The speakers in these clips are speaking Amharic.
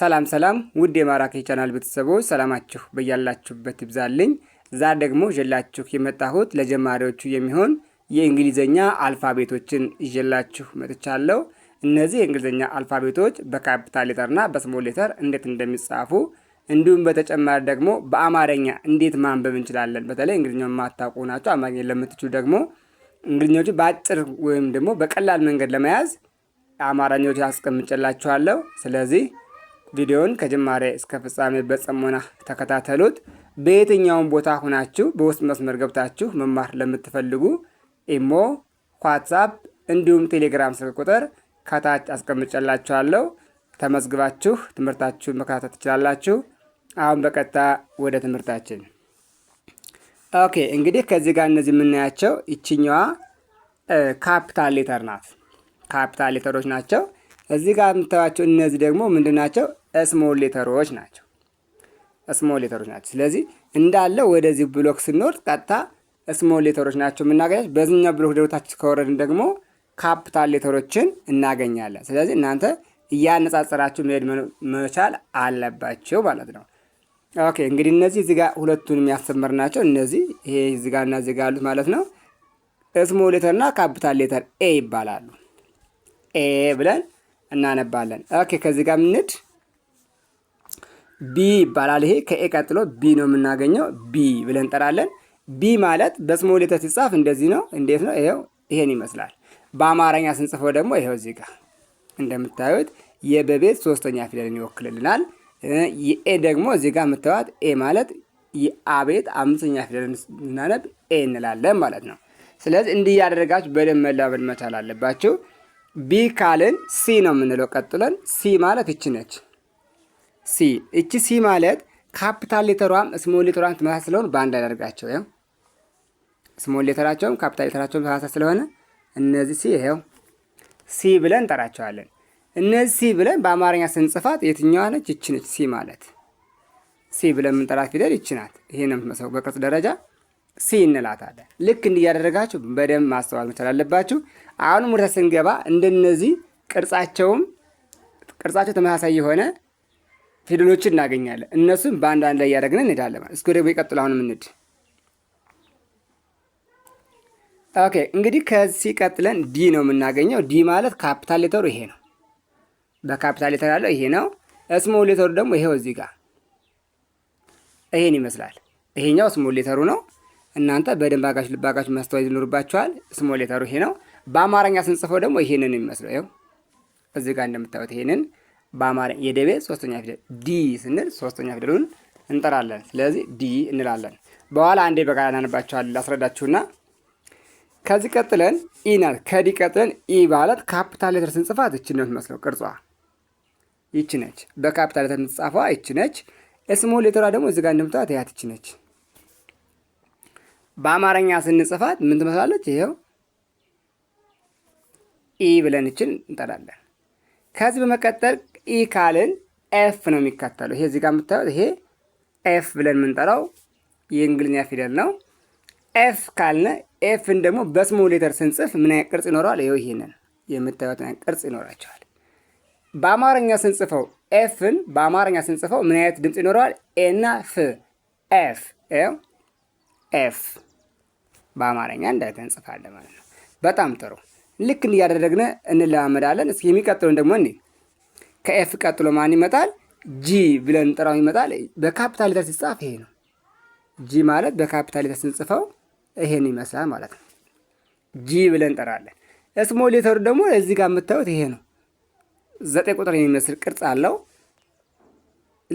ሰላም ሰላም ውድ የማራኪ ቻናል ቤተሰቦች ሰላማችሁ በያላችሁበት ይብዛልኝ። ዛ ደግሞ ይዤላችሁ የመጣሁት ለጀማሪዎቹ የሚሆን የእንግሊዝኛ አልፋቤቶችን ይዤላችሁ መጥቻለሁ። እነዚህ የእንግሊዝኛ አልፋቤቶች በካፒታል ሌተርና በስሞል ሌተር እንዴት እንደሚጻፉ እንዲሁም በተጨማሪ ደግሞ በአማርኛ እንዴት ማንበብ እንችላለን። በተለይ እንግሊዝኛውን የማታውቁ ናቸው አማርኛ ለምትችሉ ደግሞ እንግሊዝኛዎቹ በአጭር ወይም ደግሞ በቀላል መንገድ ለመያዝ አማርኛዎች አስቀምጬላችኋለሁ። ስለዚህ ቪዲዮውን ከጅማሬ እስከ ፍጻሜ በጽሞና ተከታተሉት። በየትኛውም ቦታ ሁናችሁ በውስጥ መስመር ገብታችሁ መማር ለምትፈልጉ ኢሞ፣ ዋትሳፕ እንዲሁም ቴሌግራም ስልክ ቁጥር ከታች አስቀምጨላችኋለሁ። ተመዝግባችሁ ትምህርታችሁን መከታተል ትችላላችሁ። አሁን በቀጥታ ወደ ትምህርታችን። ኦኬ እንግዲህ ከዚህ ጋር እነዚህ የምናያቸው ይችኛዋ ካፒታል ሌተር ናት። ካፒታል ሌተሮች ናቸው። እዚህ ጋር የምታዩቸው እነዚህ ደግሞ ምንድን ናቸው? ስሞል ሌተሮች ናቸው። ስሞል ሌተሮች ናቸው። ስለዚህ እንዳለ ወደዚህ ብሎክ ስንወርድ ቀጥታ ስሞል ሌተሮች ናቸው የምናገኛቸው። በዚህኛው ብሎክ ደውታች ከወረድን ደግሞ ካፒታል ሌተሮችን እናገኛለን። ስለዚህ እናንተ እያነጻጸራችሁ መሄድ መቻል አለባቸው ማለት ነው። ኦኬ እንግዲህ እነዚህ እዚህ ጋር ሁለቱን የሚያስተምር ናቸው። እነዚህ ይሄ እዚህ ጋር እና እዚህ ጋር ያሉት ማለት ነው ስሞል ሌተር እና ካፒታል ሌተር ኤ ይባላሉ። ኤ ብለን እናነባለን። ኦኬ ከዚህ ጋር ምንድ ቢ ይባላል። ይሄ ከኤ ቀጥሎ ቢ ነው የምናገኘው። ቢ ብለን እንጠራለን። ቢ ማለት በስመ ወሌተ ሲጻፍ እንደዚህ ነው። እንዴት ነው? ይኸው ይሄን ይመስላል። በአማርኛ ስንጽፈው ደግሞ ይኸው እዚህ ጋር እንደምታዩት የበቤት ሶስተኛ ፊደልን ይወክልልናል። የኤ ደግሞ እዚህ ጋር የምታዩት ኤ ማለት የአቤት አምስተኛ ፊደልን ስናነብ ኤ እንላለን ማለት ነው። ስለዚህ እንዲህ ያደረጋችሁ በደንብ መላመድ መቻል አለባችሁ። ቢ ካልን ሲ ነው የምንለው። ቀጥለን ሲ ማለት ይች ነች። ሲ እቺ ሲ ማለት ካፒታል ሌተሯም ስሞል ሌተሯም ተመሳሳይ ስለሆኑ በአንድ ያደርጋቸው። ይኸው ስሞል ሌተራቸውም ካፒታል ሌተራቸውም ተመሳሳይ ስለሆነ እነዚህ ሲ ይኸው ሲ ብለን እንጠራቸዋለን። እነዚህ ሲ ብለን በአማርኛ ስንጽፋት የትኛዋ ነች? ይቺ ነች። ሲ ማለት ሲ ብለን የምንጠራት ፊደል ይቺ ናት። ይሄ ነው የምትመስለው። በቅርጽ ደረጃ ሲ እንላታለን። ልክ እንዲህ እያደረጋችሁ በደንብ ማስተዋል መቻል አለባችሁ። አሁንም ወደ ስንገባ እንደነዚህ ቅርጻቸውም ቅርጻቸው ተመሳሳይ የሆነ ፊደሎች እናገኛለን። እነሱም በአንድ አንድ ላይ እያደረግን እንሄዳለን። እስኪ ወደ ቀጥሎ አሁን ምንድ ኦኬ እንግዲህ ከዚህ ቀጥለን ዲ ነው የምናገኘው። ዲ ማለት ካፒታል ሌተሩ ይሄ ነው። በካፒታል ሌተር ያለው ይሄ ነው። ስሞል ሌተሩ ደግሞ ይሄው እዚህ ጋር ይሄን ይመስላል። ይሄኛው ስሞል ሌተሩ ነው። እናንተ በደንብ አጋሽ ልባጋች ማስተዋይ ይኖርባቸዋል ስሞል ሌተሩ ይሄ ነው። በአማርኛ ስንጽፈው ደግሞ ይሄንን የሚመስለው ይኸው እዚህ ጋር እንደምታዩት ይሄንን በአማርኛ የደቤ ሶስተኛ ፊደል ዲ ስንል ሶስተኛ ፊደሉን እንጠራለን። ስለዚህ ዲ እንላለን። በኋላ አንዴ በጋራ እናነባቸዋለን ላስረዳችሁና ከዚህ ቀጥለን ኢ ናት። ከዲ ቀጥለን ኢ ማለት ካፒታል ሌተር ስንጽፋት እች ነው የምትመስለው። ቅርጿ ይች ነች። በካፒታል ሌተር ስንጽፋ ይቺ ነች። እስሞ ሌተሯ ደግሞ እዚጋ ጋር እንደምታዩት ያት ይቺ ነች። በአማርኛ ስንጽፋት ምን ትመስላለች? ይኸው ኢ ብለን እችን እንጠራለን። ከዚህ በመቀጠል ኢ ካልን ኤፍ ነው የሚከተለው። ይሄ እዚህ ጋር የምታዩት ይሄ ኤፍ ብለን የምንጠራው የእንግሊዝኛ ፊደል ነው። ኤፍ ካልነ ኤፍን ደግሞ በስሞል ሌተር ስንጽፍ ምን አይነት ቅርጽ ይኖረዋል? ይኸው ይሄንን የምታዩት ቅርጽ ይኖራቸዋል። በአማርኛ ስንጽፈው ኤፍን በአማርኛ ስንጽፈው ምን አይነት ድምፅ ይኖረዋል? ኤና ፍ ኤፍ ኤፍ በአማርኛ እንዳይተ እንጽፋለን ማለት ነው። በጣም ጥሩ። ልክ እንዲያደረግነ እንለማመዳለን። እስኪ የሚቀጥለውን ደግሞ እኔ ከኤፍ ቀጥሎ ማን ይመጣል? ጂ ብለን ጥራው ይመጣል። በካፒታል ሌተር ሲጻፍ ይሄ ነው። ጂ ማለት በካፒታል ሌተር ስንጽፈው ይሄን ይመስላል ማለት ነው። ጂ ብለን እንጠራለን። ስሞል ሌተሩ ደግሞ እዚህ ጋር የምታዩት ይሄ ነው። ዘጠኝ ቁጥር የሚመስል ቅርጽ አለው።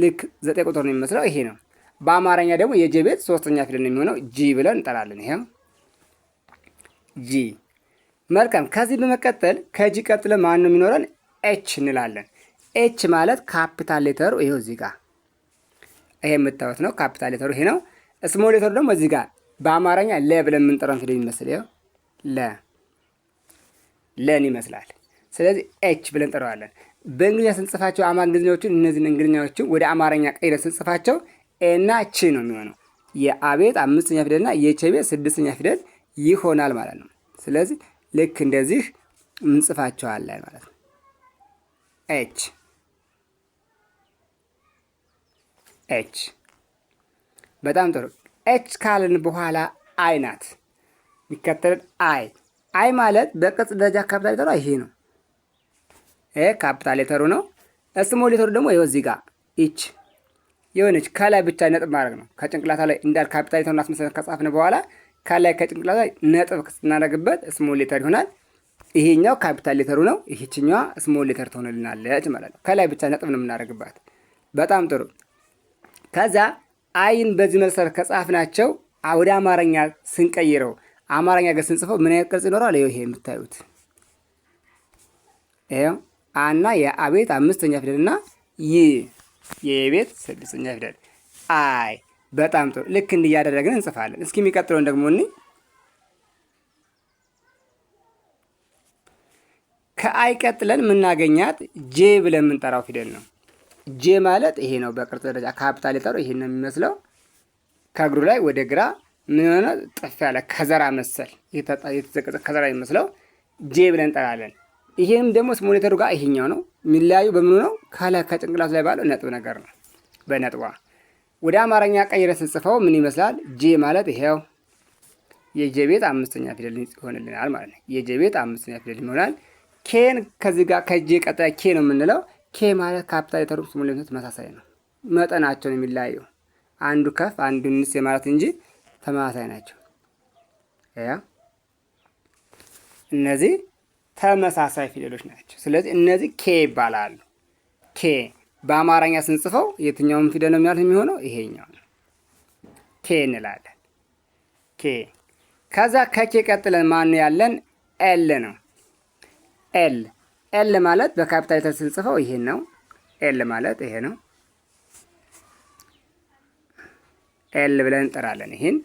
ልክ ዘጠኝ ቁጥር ነው የሚመስለው ይሄ ነው። በአማርኛ ደግሞ የጄ ቤት ሶስተኛ ፊደል ነው የሚሆነው ጂ ብለን እንጠራለን። ይሄ ጂ። መልካም። ከዚህ በመቀጠል ከጂ ቀጥለ ማን ነው የሚኖረን? ኤች እንላለን። ኤች ማለት ካፒታል ሌተሩ ይሄው እዚህ ጋር ይሄ የምታዩት ነው። ካፒታል ሌተሩ ይሄ ነው። ስሞል ሌተሩ ደግሞ እዚህ ጋር በአማርኛ ለ ብለን የምንጠራው ፊደል የሚመስል ይሄው ለ ለን ይመስላል። ስለዚህ ኤች ብለን እንጠራዋለን። በእንግሊዝኛ ስንጽፋቸው አማ እንግሊዝኛዎቹን እነዚህን እንግሊዝኛዎቹን ወደ አማርኛ ቀይረን ስንጽፋቸው ኤና ቺ ነው የሚሆነው። የአቤት አምስተኛ ፊደልና የቼቤ ስድስተኛ ፊደል ይሆናል ማለት ነው። ስለዚህ ልክ እንደዚህ እንጽፋቸዋለን ማለት ነው ኤች ኤች። በጣም ጥሩ። ኤች ካልን በኋላ አይ ናት። የሚከተልን አይ አይ ማለት በቅጽ ደረጃ ካፒታል ሌተሩ ይሄ ነው። ይሄ ካፒታል ሌተሩ ነው። ስሞል ሌተሩ ደግሞ ይኸው እዚህ ጋር ኢች የሆነች ከላይ ብቻ ነጥብ ማድረግ ነው። ከጭንቅላታ ላይ እንዳል ካፒታል ሌተሩን አስመስለን ከጻፍን በኋላ ከላይ ከጭንቅላታ ነጥብ ስናደርግበት ስሞል ሌተር ይሆናል። ይሄኛው ካፒታል ሌተሩ ነው። ይሄችኛዋ ስሞል ሌተር ትሆንልናለች ማለት ነው። ከላይ ብቻ ነጥብ ነው የምናደርግባት። በጣም ጥሩ ከዛ አይን በዚህ መልሰር ከጻፍናቸው ወደ አማርኛ ስንቀይረው አማርኛ ገር ስንጽፈው ምን አይነት ቅርጽ ይኖረዋል? ይሄ የምታዩት ይኸው አና የአቤት አምስተኛ ፊደል እና ይ የቤት ስድስተኛ ፊደል አይ። በጣም ጥሩ። ልክ እንዲያደረግን እንጽፋለን። እስኪ የሚቀጥለውን ደግሞ እኒ ከአይ ቀጥለን የምናገኛት ጄ ብለን የምንጠራው ፊደል ነው። ጄ ማለት ይሄ ነው። በቅርጽ ደረጃ ካፒታል ሌተሩ ይሄን ነው የሚመስለው። ከእግሩ ላይ ወደ ግራ ምን ሆነ? ጥፍ ያለ ከዘራ መሰል የተዘቀጸ ከዘራ የሚመስለው ጄ ብለን እንጠራለን። ይሄም ደግሞ ሞኒተሩ ጋር ይሄኛው ነው የሚለያዩ። በምኑ ነው? ከላይ ከጭንቅላቱ ላይ ባለው ነጥብ ነገር ነው። በነጥቧ ወደ አማርኛ ቀይረን ጽፈው ምን ይመስላል? ጄ ማለት ይሄው የጄ ቤት አምስተኛ ፊደል ይሆንልናል ማለት ነው። የጄ ቤት አምስተኛ ፊደል ይሆናል። ኬን ከዚህ ጋር ከጄ ቀጣይ ኬ ነው የምንለው ኬ ማለት ካፒታል የተሩት ሙሉ ተመሳሳይ ነው። መጠናቸውን የሚለያየው አንዱ ከፍ አንዱ ንስ የማለት እንጂ ተመሳሳይ ናቸው። እነዚህ ተመሳሳይ ፊደሎች ናቸው። ስለዚህ እነዚህ ኬ ይባላሉ። ኬ በአማርኛ ስንጽፈው የትኛውም ፊደል ነው የሚያልፍ የሚሆነው ይሄኛው ኬ እንላለን። ኬ ከዛ ከኬ ቀጥለን ማን ያለን ኤል ነው። ኤል ኤል ማለት በካፒታል ስንጽፈው ይሄን ነው። ኤል ማለት ይሄ ነው። ኤል ብለን እንጠራለን። ይሄን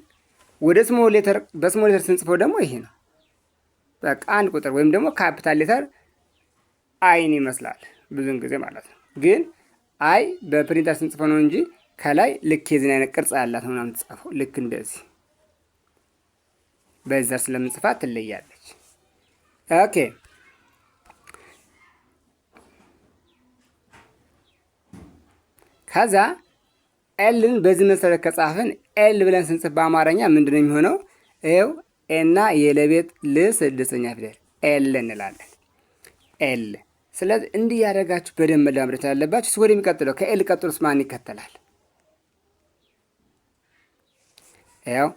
ወደ ስሞል ሌተር በስሞል ሌተር ስንጽፈው ደግሞ ይሄ ነው። በቃ አንድ ቁጥር ወይም ደግሞ ካፒታል ሌተር አይን ይመስላል ብዙን ጊዜ ማለት ነው። ግን አይ በፕሪንተር ስንጽፈው ነው እንጂ ከላይ ልክ የዚህን አይነት ቅርጽ ያላት ነው ምናምን ትጻፈው ልክ እንደዚህ በዘር ስለምንጽፋት ትለያለች። ኦኬ ከዛ ኤልን በዚህ መሰረት ከጻፍን ኤል ብለን ስንጽፍ በአማርኛ ምንድን ነው የሚሆነው? ይኸው ኤና የለቤት ል ስድስተኛ ፊደል ኤል እንላለን። ኤል ስለዚህ እንዲህ ያደረጋችሁ በደንብ መለማመድ ያለባችሁ። የሚቀጥለው ከኤል ቀጥሎስ ማን ይከተላል? ያው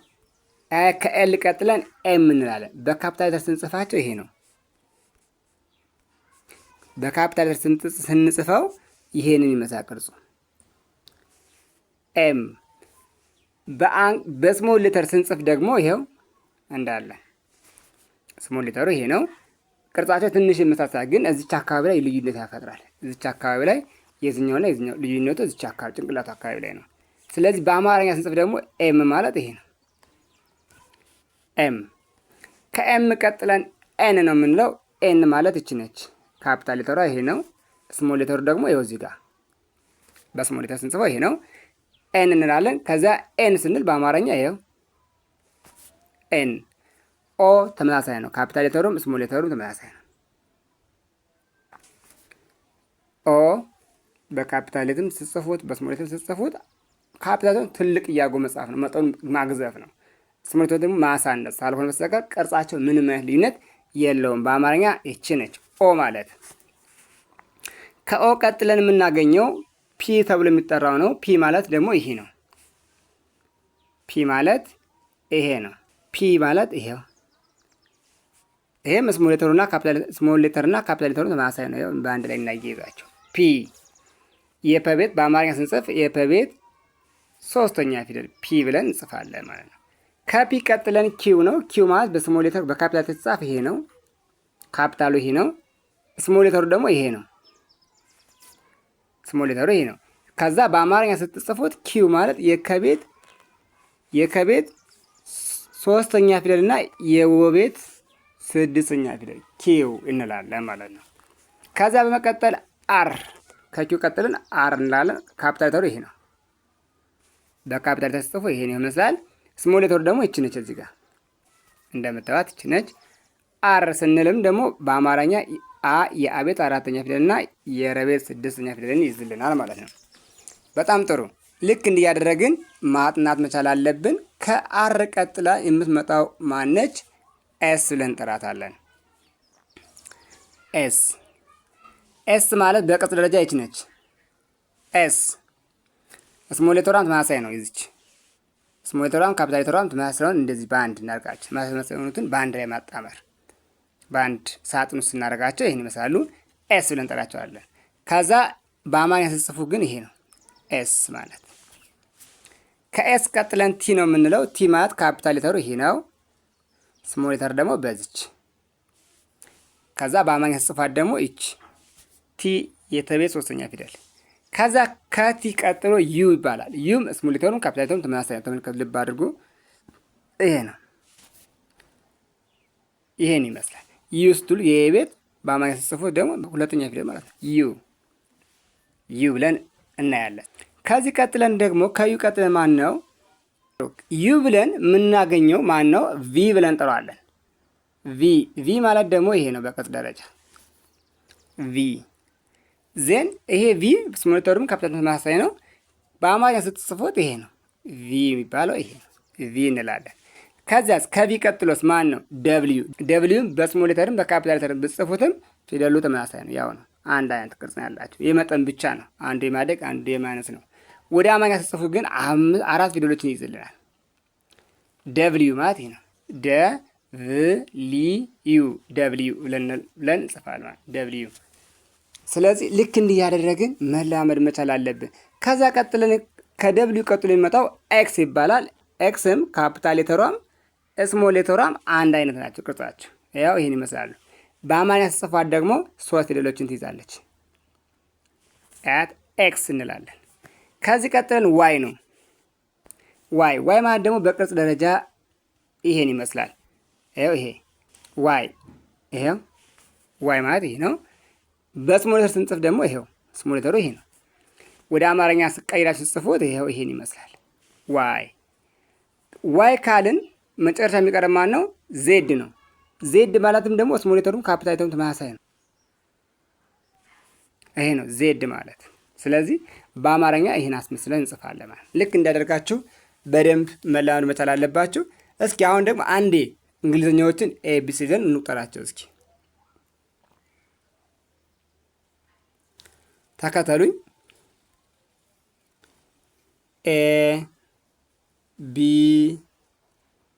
ከኤል ቀጥለን ኤም እንላለን። በካፒታል ስንጽፋቸው ይሄ ነው። በካፒታል ስንጽፈው ይሄንን ይመሳ ቅርጹ ኤም በስሞል ሊተር ስንጽፍ ደግሞ ይሄው እንዳለ ስሞል ሊተሩ ይሄ ነው። ቅርጻቸው ትንሽ የመሳሳ ግን እዚች አካባቢ ላይ ልዩነት ያፈጥራል። እዚች አካባቢ ላይ የዝኛውና የዝኛው ልዩነቱ እዚች አካባቢ ጭንቅላቱ አካባቢ ላይ ነው። ስለዚህ በአማርኛ ስንጽፍ ደግሞ ኤም ማለት ይሄ ነው። ኤም ከኤም ቀጥለን ኤን ነው የምንለው። ኤን ማለት እቺ ነች። ካፒታል ሌተሯ ይሄ ነው። ስሞል ሌተሩ ደግሞ ይኸው እዚህ ጋር በስሞል ሌተር ስንጽፈው ይሄ ነው። ኤን እንላለን። ከዛ ኤን ስንል በአማርኛ ይኸው ኤን ኦ ተመሳሳይ ነው። ካፒታል ሌተሩም ስሞል ሌተሩም ተመሳሳይ ነው። ኦ በካፒታል ሌትም ስጽፉት በስሞል ሌትም ስጽፉት ካፒታሉን ትልቅ እያጎ መጻፍ ነው። መጠኑ ማግዘፍ ነው። ስሞል ሌተሩ ደግሞ ማሳነስ ሳልሆነ በስተቀር ቅርጻቸው ምንም አይነት ልዩነት የለውም። በአማርኛ ይቺ ነች ኦ ማለት። ከኦ ቀጥለን የምናገኘው ፒ ተብሎ የሚጠራው ነው። ፒ ማለት ደግሞ ይሄ ነው። ፒ ማለት ይሄ ነው። ፒ ማለት ይሄ ይሄም ስሞል ሌተሩና ካፒታል ስሞል ሌተርና ካፒታል ሌተሩ ተመሳሳይ ነው። በአንድ ላይ እናያይዛቸው። ፒ የፐቤት በአማርኛ ስንጽፍ የፐቤት ሶስተኛ ፊደል ፒ ብለን እንጽፋለን ማለት ነው። ከፒ ቀጥለን ኪው ነው። ኪው ማለት በስሞል ሌተር በካፒታል የተጻፈ ይሄ ነው። ካፒታሉ ይሄ ነው። ስሞል ሌተሩ ደግሞ ይሄ ነው። ስሞል ሌተሩ ይሄ ነው። ከዛ በአማርኛ ስትጽፉት ኪው ማለት የከቤት የከቤት ሶስተኛ ፊደል እና የወቤት ስድስተኛ ፊደል ኪው እንላለን ማለት ነው። ከዛ በመቀጠል አር ከኪው ቀጥልን አር እንላለን። ካፒታል ሌተሩ ይሄ ነው። በካፒታል ሌተር ስትጽፉ ይሄ ነው ይመስላል። ስሞል ሌተሩ ደግሞ ይች ነች። እዚህ ጋር እንደምታዩት ይቺ ነች። አር ስንልም ደግሞ በአማርኛ አ የአቤት አራተኛ ፊደልና የረቤት ስድስተኛ ፊደልን ይዝልናል ማለት ነው። በጣም ጥሩ። ልክ እንዲያደረግን ማጥናት መቻል አለብን። ከአር ቀጥላ የምትመጣው ማነች? ኤስ ብለን እንጠራታለን። ኤስ ኤስ ማለት በቅጽ ደረጃ ይች ነች። ኤስ ስሞሌቶራም ተመሳሳይ ነው። ይዝች ስሞሌቶራም ካፒታሌቶራም ተመሳሳይ እንደዚህ በአንድ እናርቃቸው። ተመሳሳይ የሆኑትን በአንድ ላይ ማጣመር በአንድ ሳጥን ውስጥ ስናደርጋቸው ይህን ይመስላሉ። ኤስ ብለን እንጠራቸዋለን። ከዛ በአማርኛ ስጽፉ ግን ይሄ ነው ኤስ ማለት። ከኤስ ቀጥለን ቲ ነው የምንለው። ቲ ማለት ካፒታል ሌተሩ ይሄ ነው። ስሞ ሌተር ደግሞ በዚች። ከዛ በአማርኛ ስጽፋት ደግሞ ይች ቲ የተቤት ሶስተኛ ፊደል። ከዛ ከቲ ቀጥሎ ዩ ይባላል። ዩም ስሞል ሌተሩን ካፒታል ተመሳሳይ ተመልከቱ፣ ልብ አድርጉ። ይሄ ነው። ይሄን ይመስላል። ዩ ስትሉ ቤት በአማርኛ ስትጽፉት ደግሞ ሁለተኛ ፊደል ማለት ነው። ዩ ዩ ብለን እናያለን። ከዚህ ቀጥለን ደግሞ ከዩ ቀጥለን ማን ነው? ዩ ብለን የምናገኘው ማን ነው? ቪ ብለን እንጠራዋለን። ቪ ቪ ማለት ደግሞ ይሄ ነው በቅጽ ደረጃ ቪ ዜን ይሄ ቪ ስሞኒተሩም ካፒታል ተመሳሳይ ነው። በአማርኛ ስትጽፉት ይሄ ነው ቪ የሚባለው ይሄ ነው ቪ እንላለን። ከዚያስ ከቪ ቀጥሎስ ማን ነው? ደብልዩ ደብልዩም በስሞ ሌተርም በካፒታል ሌተርም ብጽፉትም ፊደሉ ተመሳሳይ ነው፣ ያው ነው። አንድ አይነት ቅርጽ ነው ያላቸው የመጠን ብቻ ነው። አንዱ የማደግ አንዱ የማነስ ነው። ወደ አማርኛ ስጽፉ ግን አራት ፊደሎችን ይይዝልናል። ደብልዩ ማለት ይህ ነው። ደ ቭ ሊ ዩ ደብልዩ ብለን እንጽፋለን ማለት ደብልዩ። ስለዚህ ልክ እንዲህ ያደረግን መላመድ መቻል አለብን። ከዚያ ቀጥለን ከደብሊዩ ቀጥሎ የሚመጣው ኤክስ ይባላል። ኤክስም ካፒታል ሌተሯም ስሞሌቶራም አንድ አይነት ናቸው ቅርጻቸው። ያው ይህን ይመስላሉ። በአማርኛ ስጽፋት ደግሞ ሶስት ፊደሎችን ትይዛለች። ያት ኤክስ እንላለን። ከዚህ ቀጥለን ዋይ ነው። ዋይ ዋይ ማለት ደግሞ በቅርጽ ደረጃ ይሄን ይመስላል። ይኸው ይሄ ዋይ ይሄው ዋይ ማለት ይሄ ነው። በስሞሌተር ስንጽፍ ደግሞ ይሄው ስሞሌተሩ ይሄ ነው። ወደ አማርኛ ስቀይራችሁ ስጽፉት ይሄው ይሄን ይመስላል። ዋይ ዋይ ካልን መጨረሻ የሚቀረ ማን ነው? ዜድ ነው። ዜድ ማለትም ደግሞ ስሞሌተሩም ካፒታሊተሩም ተመሳሳይ ነው። ይሄ ነው ዜድ ማለት። ስለዚህ በአማርኛ ይህን አስመስለን እንጽፋለን ማለት። ልክ እንዳደርጋችሁ በደንብ መላመድ መቻል አለባችሁ። እስኪ አሁን ደግሞ አንዴ እንግሊዝኛዎችን ኤቢሲ ዘን እንቁጠራቸው እስኪ ተከተሉኝ። ኤ ቢ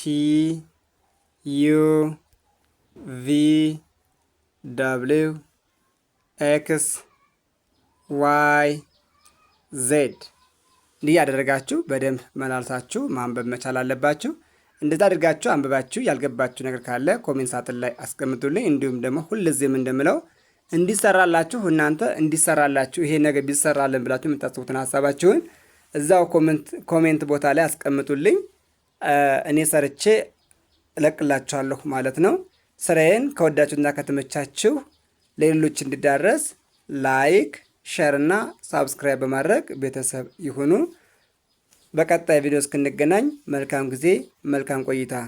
ቲ ዩ ቪ ደብሊው ኤክስ ዋይ ዜድ እንዲህ ያደረጋችሁ በደንብ መላልሳችሁ ማንበብ መቻል አለባችሁ። እንደዛ አድርጋችሁ አንብባችሁ ያልገባችሁ ነገር ካለ ኮሜንት ሳጥን ላይ አስቀምጡልኝ። እንዲሁም ደግሞ ሁልጊዜም እንደምለው እንዲሰራላችሁ እናንተ እንዲሰራላችሁ ይሄ ነገር ቢሰራልን ብላችሁ የምታስቡትን ሀሳባችሁን እዛው ኮሜንት ቦታ ላይ አስቀምጡልኝ። እኔ ሰርቼ እለቅላችኋለሁ ማለት ነው። ስራዬን ከወዳችሁና ከተመቻችሁ ለሌሎች እንዲዳረስ ላይክ፣ ሼር እና ሳብስክራይብ በማድረግ ቤተሰብ ይሁኑ። በቀጣይ ቪዲዮ እስክንገናኝ መልካም ጊዜ፣ መልካም ቆይታ